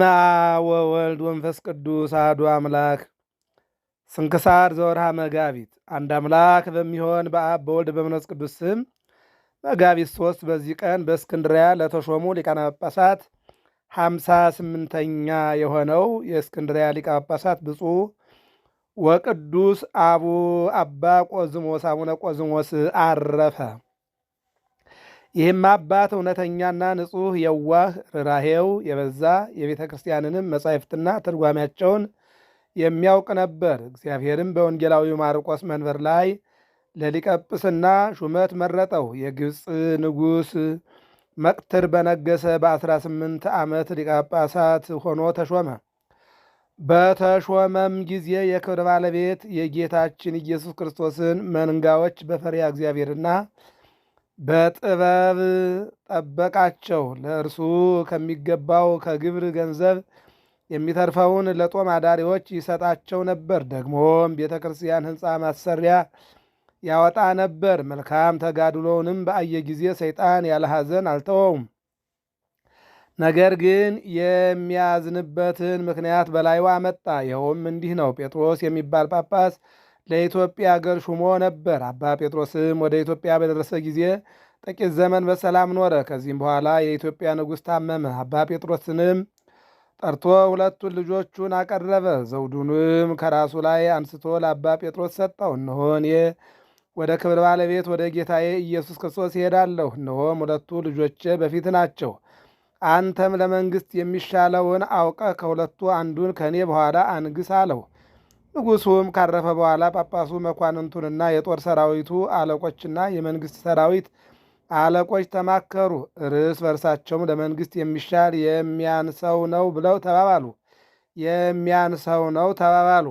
ና ወወልድ ወንፈስ ቅዱስ አሐዱ አምላክ። ስንክሳር ዘወርሃ መጋቢት። አንድ አምላክ በሚሆን በአብ በወልድ በመንፈስ ቅዱስ ስም መጋቢት ሶስት በዚህ ቀን በእስክንድሪያ ለተሾሙ ሊቃነ ጳጳሳት ሀምሳ ስምንተኛ የሆነው የእስክንድሪያ ሊቀ ጳጳሳት ብፁዕ ወቅዱስ አቡ አባ ቆዝሞስ አቡነ ቆዝሞስ አረፈ። ይህም አባት እውነተኛና ንጹሕ የዋህ ራሄው የበዛ የቤተ ክርስቲያንንም መጻሕፍትና ትርጓሜያቸውን የሚያውቅ ነበር። እግዚአብሔርም በወንጌላዊው ማርቆስ መንበር ላይ ለሊቀ ጵጵስና ሹመት መረጠው። የግብፅ ንጉሥ መቅትር በነገሰ በአስራ ስምንት ዓመት ሊቀ ጳጳሳት ሆኖ ተሾመ። በተሾመም ጊዜ የክብር ባለቤት የጌታችን ኢየሱስ ክርስቶስን መንጋዎች በፈሪያ እግዚአብሔርና በጥበብ ጠበቃቸው። ለእርሱ ከሚገባው ከግብር ገንዘብ የሚተርፈውን ለጦም አዳሪዎች ይሰጣቸው ነበር። ደግሞም ቤተ ክርስቲያን ሕንፃ ማሰሪያ ያወጣ ነበር። መልካም ተጋድሎውንም በአየ ጊዜ ሰይጣን ያለ ሐዘን አልተወውም። ነገር ግን የሚያዝንበትን ምክንያት በላይዋ አመጣ። ይኸውም እንዲህ ነው። ጴጥሮስ የሚባል ጳጳስ ለኢትዮጵያ አገር ሹሞ ነበር። አባ ጴጥሮስም ወደ ኢትዮጵያ በደረሰ ጊዜ ጥቂት ዘመን በሰላም ኖረ። ከዚህም በኋላ የኢትዮጵያ ንጉሥ ታመመ። አባ ጴጥሮስንም ጠርቶ ሁለቱን ልጆቹን አቀረበ። ዘውዱንም ከራሱ ላይ አንስቶ ለአባ ጴጥሮስ ሰጠው። እነሆ እኔ ወደ ክብር ባለቤት ወደ ጌታዬ ኢየሱስ ክርስቶስ ይሄዳለሁ። እነሆም ሁለቱ ልጆቼ በፊት ናቸው። አንተም ለመንግሥት የሚሻለውን አውቀህ ከሁለቱ አንዱን ከእኔ በኋላ አንግሥ አለው። ንጉሱም ካረፈ በኋላ ጳጳሱ መኳንንቱንና የጦር ሰራዊቱ አለቆችና የመንግሥት ሰራዊት አለቆች ተማከሩ። ርዕስ በርሳቸውም ለመንግሥት የሚሻል የሚያንሰው ነው ብለው ተባባሉ የሚያንሰው ነው ተባባሉ።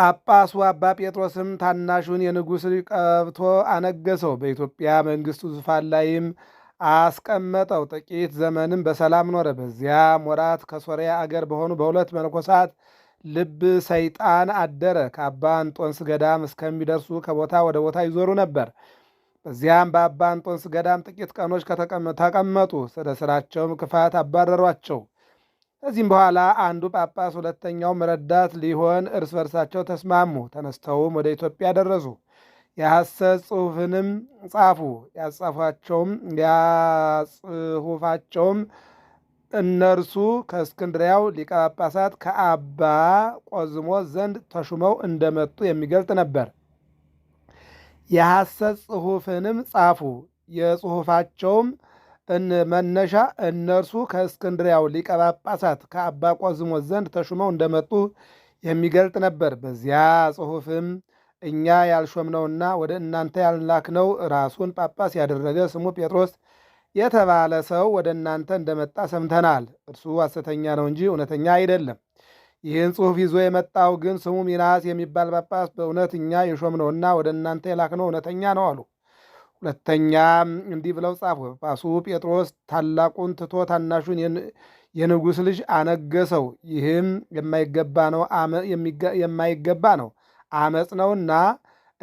ጳጳሱ አባ ጴጥሮስም ታናሹን የንጉሥ ቀብቶ አነገሰው። በኢትዮጵያ መንግሥቱ ዙፋን ላይም አስቀመጠው። ጥቂት ዘመንም በሰላም ኖረ። በዚያም ወራት ከሶሪያ አገር በሆኑ በሁለት መነኮሳት ልብ ሰይጣን አደረ። ከአባ አንጦንስ ገዳም እስከሚደርሱ ከቦታ ወደ ቦታ ይዞሩ ነበር። በዚያም በአባ አንጦንስ ገዳም ጥቂት ቀኖች ተቀመጡ። ስለ ስራቸውም ክፋት አባረሯቸው። ከዚህም በኋላ አንዱ ጳጳስ ሁለተኛውም ረዳት ሊሆን እርስ በርሳቸው ተስማሙ። ተነስተውም ወደ ኢትዮጵያ ደረሱ። የሐሰት ጽሑፍንም ጻፉ። ያጻፏቸውም ያጽሑፋቸውም እነርሱ ከእስክንድሪያው ሊቀ ጳጳሳት ከአባ ቆዝሞ ዘንድ ተሹመው እንደመጡ የሚገልጥ ነበር። የሐሰት ጽሑፍንም ጻፉ። የጽሑፋቸውም መነሻ እነርሱ ከእስክንድሪያው ሊቀ ጳጳሳት ከአባ ቆዝሞ ዘንድ ተሹመው እንደመጡ የሚገልጥ ነበር። በዚያ ጽሑፍም እኛ ያልሾምነውና ወደ እናንተ ያልላክነው ራሱን ጳጳስ ያደረገ ስሙ ጴጥሮስ የተባለ ሰው ወደ እናንተ እንደመጣ ሰምተናል። እርሱ ሐሰተኛ ነው እንጂ እውነተኛ አይደለም። ይህን ጽሑፍ ይዞ የመጣው ግን ስሙ ሚናስ የሚባል ጳጳስ በእውነት እኛ የሾምነውና ወደ እናንተ የላክነው እውነተኛ ነው አሉ። ሁለተኛ እንዲህ ብለው ጻፉ። ጳጳሱ ጴጥሮስ ታላቁን ትቶ ታናሹን የንጉሥ ልጅ አነገሰው። ይህም የማይገባ ነው፣ አመፅ ነውና።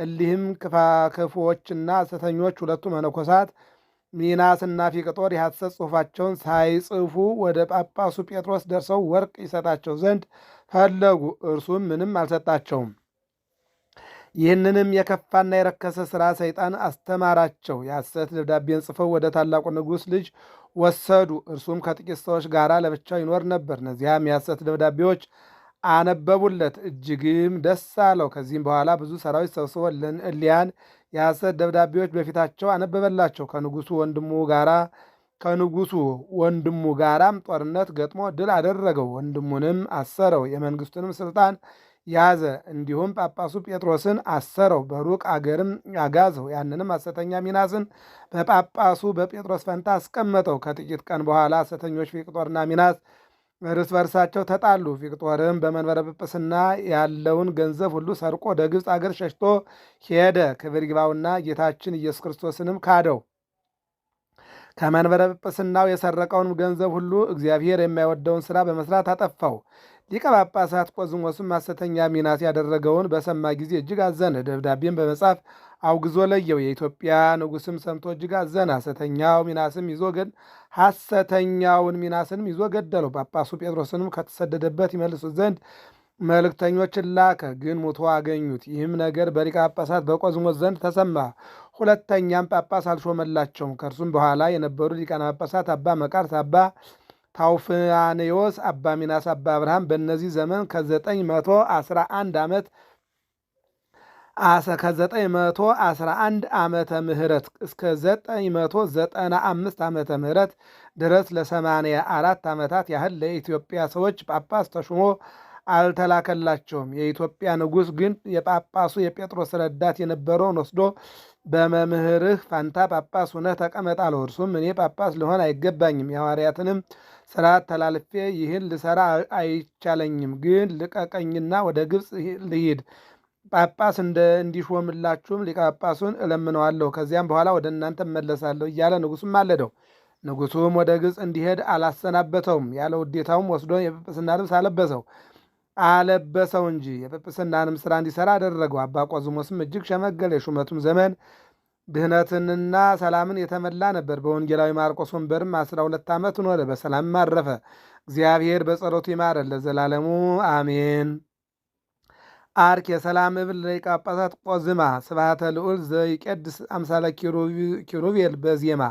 እሊህም ክፉዎችና ሐሰተኞች ሁለቱ መነኮሳት ሚናስና ፊቅጦር የሐሰት ጽሑፋቸውን ሳይጽፉ ወደ ጳጳሱ ጴጥሮስ ደርሰው ወርቅ ይሰጣቸው ዘንድ ፈለጉ። እርሱም ምንም አልሰጣቸውም። ይህንንም የከፋና የረከሰ ሥራ ሰይጣን አስተማራቸው። የሐሰት ደብዳቤን ጽፈው ወደ ታላቁ ንጉሥ ልጅ ወሰዱ። እርሱም ከጥቂት ሰዎች ጋር ለብቻው ይኖር ነበር። እነዚያም የሐሰት ደብዳቤዎች አነበቡለት፣ እጅግም ደስ አለው። ከዚህም በኋላ ብዙ ሰራዊት ሰብስቦ እሊያን የሐሰት ደብዳቤዎች በፊታቸው አነበበላቸው። ከንጉሱ ወንድሙ ጋራ ከንጉሱ ወንድሙ ጋራም ጦርነት ገጥሞ ድል አደረገው። ወንድሙንም አሰረው። የመንግስቱንም ስልጣን ያዘ። እንዲሁም ጳጳሱ ጴጥሮስን አሰረው፣ በሩቅ አገርም አጋዘው። ያንንም ሐሰተኛ ሚናስን በጳጳሱ በጴጥሮስ ፈንታ አስቀመጠው። ከጥቂት ቀን በኋላ ሐሰተኞች ፊቅጦርና ሚናስ እርስ በርሳቸው ተጣሉ። ቪቅጦርም በመንበረ ጵጵስና ያለውን ገንዘብ ሁሉ ሰርቆ ወደ ግብፅ አገር ሸሽቶ ሄደ። ክብር ይግባውና ጌታችን ኢየሱስ ክርስቶስንም ካደው። ከመንበረ ጵጵስናው የሰረቀውን ገንዘብ ሁሉ እግዚአብሔር የማይወደውን ሥራ በመስራት አጠፋው። ሊቀ ጳጳሳት ቆዝሞስም ሐሰተኛ ሚናስ ያደረገውን በሰማ ጊዜ እጅግ አዘነ። ደብዳቤም በመጻፍ አውግዞ ለየው። የኢትዮጵያ ንጉስም ሰምቶ እጅግ አዘነ። ሐሰተኛው ሚናስም ይዞ ሐሰተኛውን ሚናስንም ይዞ ገደለው። ጳጳሱ ጴጥሮስንም ከተሰደደበት ይመልሱት ዘንድ መልእክተኞችን ላከ፣ ግን ሙቶ አገኙት። ይህም ነገር በሊቀ ጳጳሳት በቆዝሞት ዘንድ ተሰማ። ሁለተኛም ጳጳስ አልሾመላቸውም። ከእርሱም በኋላ የነበሩ ሊቃነ ጳጳሳት አባ መቃርስ፣ አባ ታውፍያኔዎስ፣ አባ ሚናስ፣ አባ አብርሃም በእነዚህ ዘመን ከዘጠኝ መቶ አስራ አንድ ዓመት ከ911 ዓመተ ምህረት እስከ 995 መቶ ዓመተ ምህረት ድረስ ለ አራት ዓመታት ያህል ለኢትዮጵያ ሰዎች ጳጳስ ተሹሞ አልተላከላቸውም። የኢትዮጵያ ንጉሥ ግን የጳጳሱ የጴጥሮስ ረዳት የነበረውን ወስዶ በመምህርህ ፋንታ ጳጳስ ሁነህ ተቀመጥ እርሱም እኔ ጳጳስ ልሆን አይገባኝም፣ የሐዋርያትንም ስርዓት ተላልፌ ይህን ልሰራ አይቻለኝም፣ ግን ልቀቀኝና ወደ ግብፅ ልሂድ ጳጳስ እንዲሾምላችሁም ሊቀ ጳጳሱን እለምነዋለሁ፣ ከዚያም በኋላ ወደ እናንተ እመለሳለሁ እያለ ንጉሱም አለደው ንጉሱም ወደ ግብፅ እንዲሄድ አላሰናበተውም፣ ያለ ውዴታውም ወስዶ የጵጵስና ልብስ አለበሰው አለበሰው እንጂ የጵጵስናንም ስራ እንዲሰራ አደረገው። አባ ቆዝሞስም እጅግ ሸመገለ። የሹመቱም ዘመን ድህነትንና ሰላምን የተመላ ነበር። በወንጌላዊ ማርቆስ ወንበርም አስራ ሁለት ዓመት ኖረ፣ በሰላም አረፈ። እግዚአብሔር በጸሎቱ ይማረን ለዘላለሙ አሜን። አርክ የሰላም እብል ለጳጳሳት ቆዝማ ስብሐተ ልዑል ዘይቀድስ አምሳለ ኪሩቤል በዜማ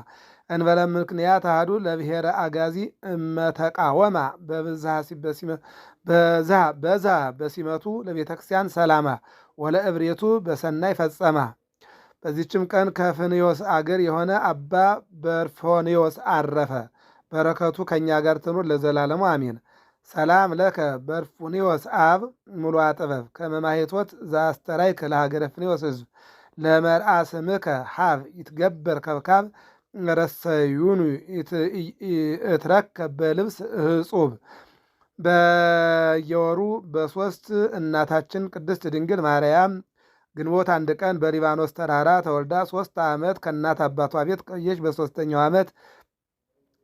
እንበለ ምክንያት አህዱ ለብሔረ አጋዚ እመተቃወማ በዛ በዛ በሲመቱ ለቤተ ክርስቲያን ሰላማ ወለ እብሬቱ በሰናይ ፈጸማ። በዚችም ቀን ከፍንዮስ አገር የሆነ አባ በርፎንዮስ አረፈ። በረከቱ ከእኛ ጋር ትኑር ለዘላለሙ አሚን። ሰላም ለከ በርፉኔዎስ አብ ሙሉአ ጥበብ ከመማሄቶት ዘአስተራይ ለሀገረ ፍኔዎስ ህዝብ ለመርአ ስምከ ሀብ ይትገበር ከብካብ ረሰዩኑ እትረከብ በልብስ ህጹብ በየወሩ በሶስት እናታችን ቅድስት ድንግል ማርያም ግንቦት አንድ ቀን በሊባኖስ ተራራ ተወልዳ ሶስት ዓመት ከእናት አባቷ ቤት ቆየች። በሶስተኛው ዓመት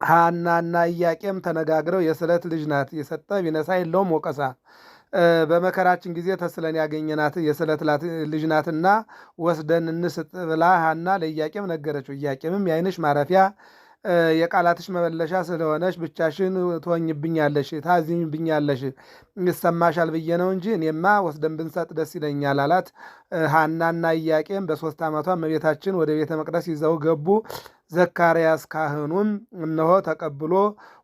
ሐናና ኢያቄም ተነጋግረው የስለት ልጅ ናት የሰጠ ቢነሳ የለውም ወቀሳ በመከራችን ጊዜ ተስለን ያገኘናት የስለት ልጅ ናትና ወስደን እንስጥ ብላ ሐና ለኢያቄም ነገረችው። ኢያቄምም የዓይንሽ ማረፊያ የቃላትሽ መመለሻ ስለሆነች ብቻሽን ትወኝብኛለሽ፣ ታዝኝብኛለሽ፣ ይሰማሻል ብዬ ነው እንጂ እኔማ ወስደን ብንሰጥ ደስ ይለኛል አላት። ሐናና ኢያቄም በሶስት ዓመቷ እመቤታችን ወደ ቤተ መቅደስ ይዘው ገቡ። ዘካርያስ ካህኑም እነሆ ተቀብሎ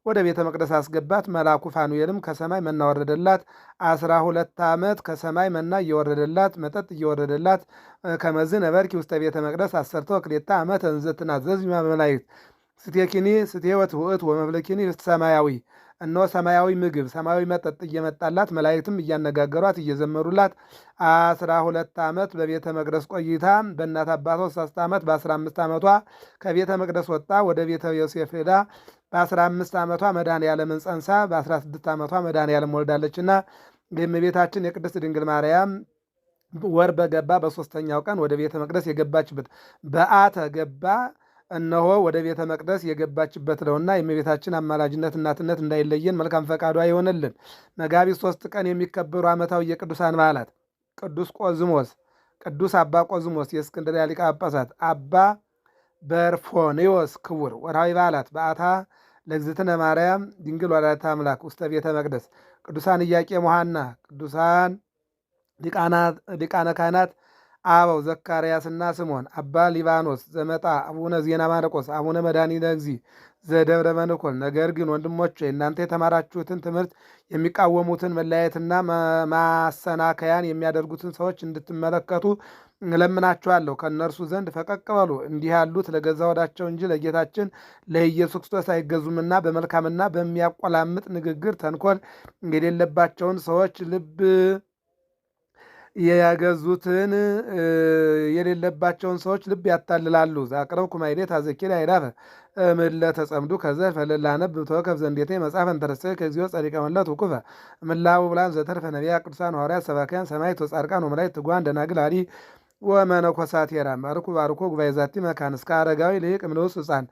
ወደ ቤተ መቅደስ አስገባት። መልአኩ ፋኑኤልም ከሰማይ መና ወረደላት። አስራ ሁለት ዓመት ከሰማይ መና እየወረደላት መጠጥ እየወረደላት ከመዝ ነበርኪ ውስተ ቤተ መቅደስ አሰርተ ክሌታ ዓመት እንዘትናዘዝ መላይት ስቴኪኒ ስቴወት ውእት ወመብለኪኒ ሰማያዊ እነሆ ሰማያዊ ምግብ፣ ሰማያዊ መጠጥ እየመጣላት መላእክትም እያነጋገሯት እየዘመሩላት አስራ ሁለት ዓመት በቤተ መቅደስ ቆይታ በእናት አባቷ ሶስት ዓመት በአስራ አምስት ዓመቷ ከቤተ መቅደስ ወጣ ወደ ቤተ ዮሴፍ ሄዳ በአስራ አምስት ዓመቷ መድኃኔ ዓለምን ጸንሳ በአስራ ስድስት ዓመቷ መድኃኔ ወልዳለችና የእመቤታችን የቅድስት ድንግል ማርያም ወር በገባ በሶስተኛው ቀን ወደ ቤተ መቅደስ የገባችበት በአተ ገባ እነሆ ወደ ቤተ መቅደስ የገባችበት ነውና የእመቤታችን አማላጅነት እናትነት እንዳይለየን መልካም ፈቃዷ ይሆንልን። መጋቢት ሶስት ቀን የሚከበሩ ዓመታዊ የቅዱሳን በዓላት ቅዱስ ቆዝሞስ፣ ቅዱስ አባ ቆዝሞስ የእስክንድርያ ሊቀ ጳጳሳት፣ አባ በርፎኔዎስ ክቡር። ወርሃዊ በዓላት በዓታ ለእግዝእትነ ማርያም ድንግል ወላዲተ አምላክ ውስተ ቤተ መቅደስ፣ ቅዱሳን ኢያቄም ወሐና፣ ቅዱሳን ሊቃነ ካህናት አበው ዘካርያስና ስምዖን፣ አባ ሊባኖስ ዘመጣ፣ አቡነ ዜና ማርቆስ፣ አቡነ መድኃኒነ እግዚእ ዘደብረ መንኮል ነገር ግን ወንድሞች እናንተ የተማራችሁትን ትምህርት የሚቃወሙትን መለያየትና ማሰናከያን የሚያደርጉትን ሰዎች እንድትመለከቱ እለምናችኋለሁ። ከእነርሱ ዘንድ ፈቀቅ በሉ። እንዲህ ያሉት ለገዛ ወዳቸው እንጂ ለጌታችን ለኢየሱስ ክርስቶስ አይገዙምና በመልካምና በሚያቆላምጥ ንግግር ተንኮል የሌለባቸውን ሰዎች ልብ ያገዙትን የሌለባቸውን ሰዎች ልብ ያታልላሉ። ዛቅረብ ኩማይዴት አዘኪር አይዳፈ ምለ ተጸምዱ ከዘ ፈለላነብ ብተወከፍ ዘንዴቴ መጽሐፍ እንተረሰ ከዚዮ ጸሪቀ መለት ውቁፈ ምላቡ ብላን ዘተርፈ ነቢያ ቅዱሳን ሐዋርያ ሰባክያን ሰማይ ተጻርቃን ወመላይ ትጓን ደናግል አዲ ወመነኮሳት የራማርኩ ባርኮ ጉባኤ ዛቲ መካን እስከ አረጋዊ ልቅ ምለውስ ህፃን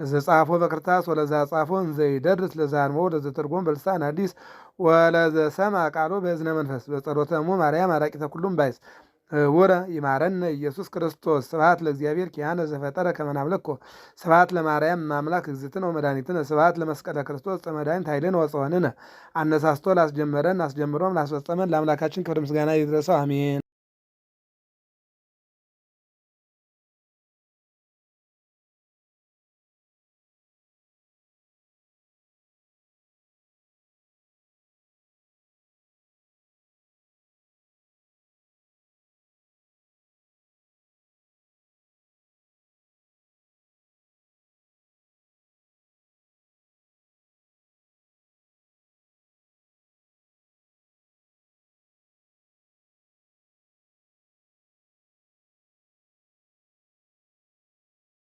ለዘጻፎ በክርታስ ወለዛ ጻፎ እንዘይደርስ ለዛንሞ ለዘተርጎም በልሳን አዲስ ወለዘሰማ ቃሎ በእዝነ መንፈስ በጸሎተ በጸሎተሙ ማርያም አራቂተ ኩሉም ባይስ ውረ ይማረነ ኢየሱስ ክርስቶስ ስብሐት ለእግዚአብሔር ኪያነ ዘፈጠረ ከመናምለኮ ስብሐት ለማርያም ማምላክ እግዝእትነ ወመድኃኒትነ ስብሐት ለመስቀለ ክርስቶስ መድኃኒት ኃይልን ወፀወንነ አነሳስቶ ላስጀመረን አስጀምሮም ላስፈጸመን ለአምላካችን ክብር ምስጋና ይድረሰው አሜን።